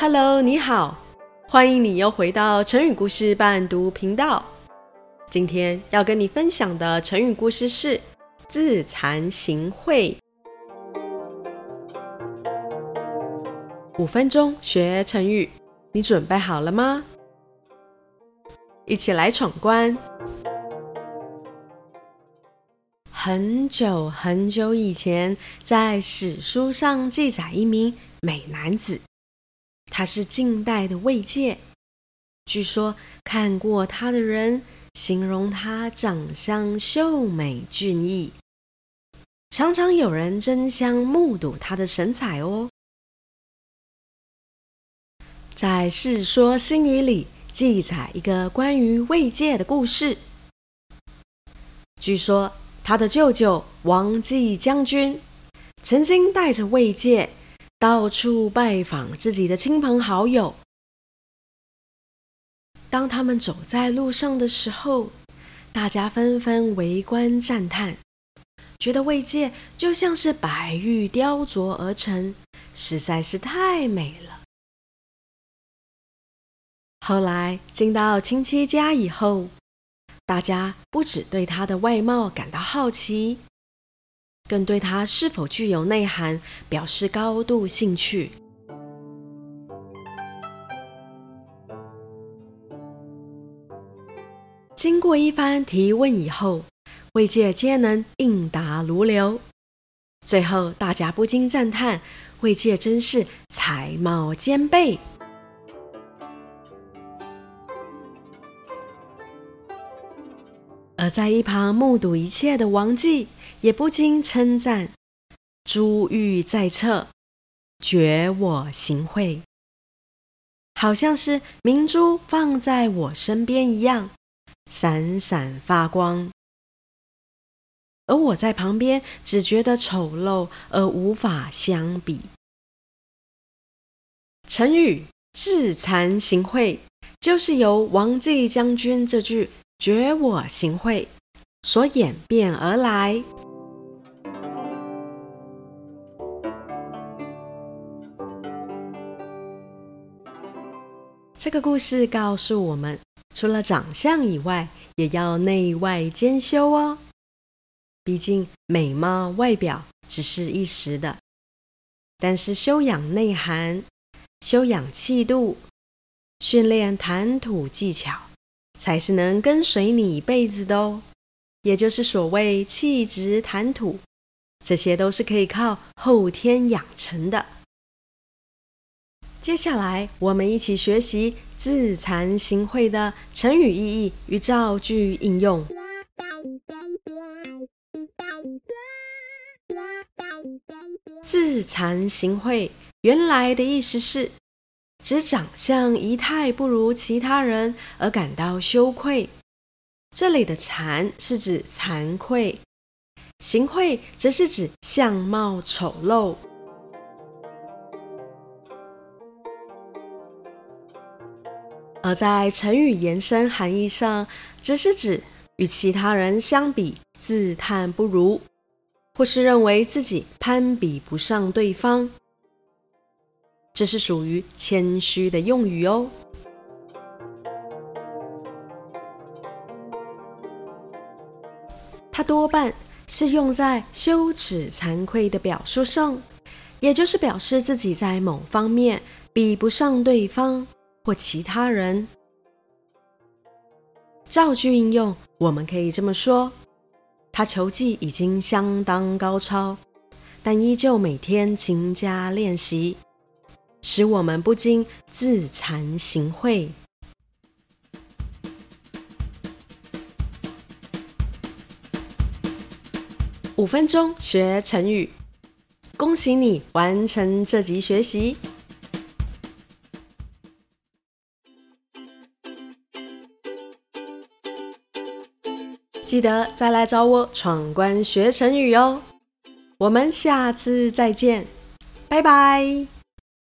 Hello，你好，歡迎你又回到成語故事伴讀頻道。今天要跟你分享的成語故事是“自慚形穢”。五分鐘學成語，你準備好了嗎？一起來闖關。很久很久以前，在史書上記載一名美男子。他是晉代的衛玠，據說看過他的人形容他長相秀美俊逸，常常有人爭相目睹他的神采哦。在《世說新語》裡記載一個關於衛玠的故事，據說他的舅舅王濟將軍曾經帶着衛玠。到處拜訪自己的親朋好友。當他們走在路上的時候，大家紛紛圍觀讚嘆，覺得衛玠就像是白玉雕琢而成，實在是太美了。後來進到親戚家以後，大家不止對他的外貌感到好奇。更對他是否具有內涵表示高度興趣。經過一番提問以後，衛玠皆能應答如流。最後，大家不禁讚嘆：衛玠真是才貌兼備。而在一旁目睹一切的王濟也不禁稱讚：“珠玉在側，覺我形穢。”好像是明珠放在我身邊一樣，閃閃發光。而我在旁邊只覺得醜陋而無法相比。成語“自慚形穢”就是由王濟將軍這句。覺我形穢所演變而來。這個故事告訴我們，除了長相以外，也要內外兼修哦。畢竟美貌外表只是一時的，但是修養內涵、修養氣度、訓練談吐技巧。才是能跟隨你一輩子的哦，也就是所謂氣質談吐，這些都是可以靠後天養成的。接下來，我們一起學習“自慚形穢”的成語意義與造句應用。自慚形穢，原來的意思是。指長相儀態不如其他人而感到羞愧，這裡的慚是指慚愧，形穢則是指相貌醜陋。而在成語延伸含義上，則是指與其他人相比自嘆不如，或是認為自己攀比不上對方。這是屬於謙虛的用語哦。它多半是用在羞恥、慚愧的表述上，也就是表示自己在某方面比不上對方或其他人。造句應用，我們可以這麼說：“他球技已經相當高超，但依舊每天勤加練習。”使我們不禁自慚形穢。五分鐘學成語，恭喜你完成這集學習。記得再來找我闖關學成語哦。我們下次再見，拜拜。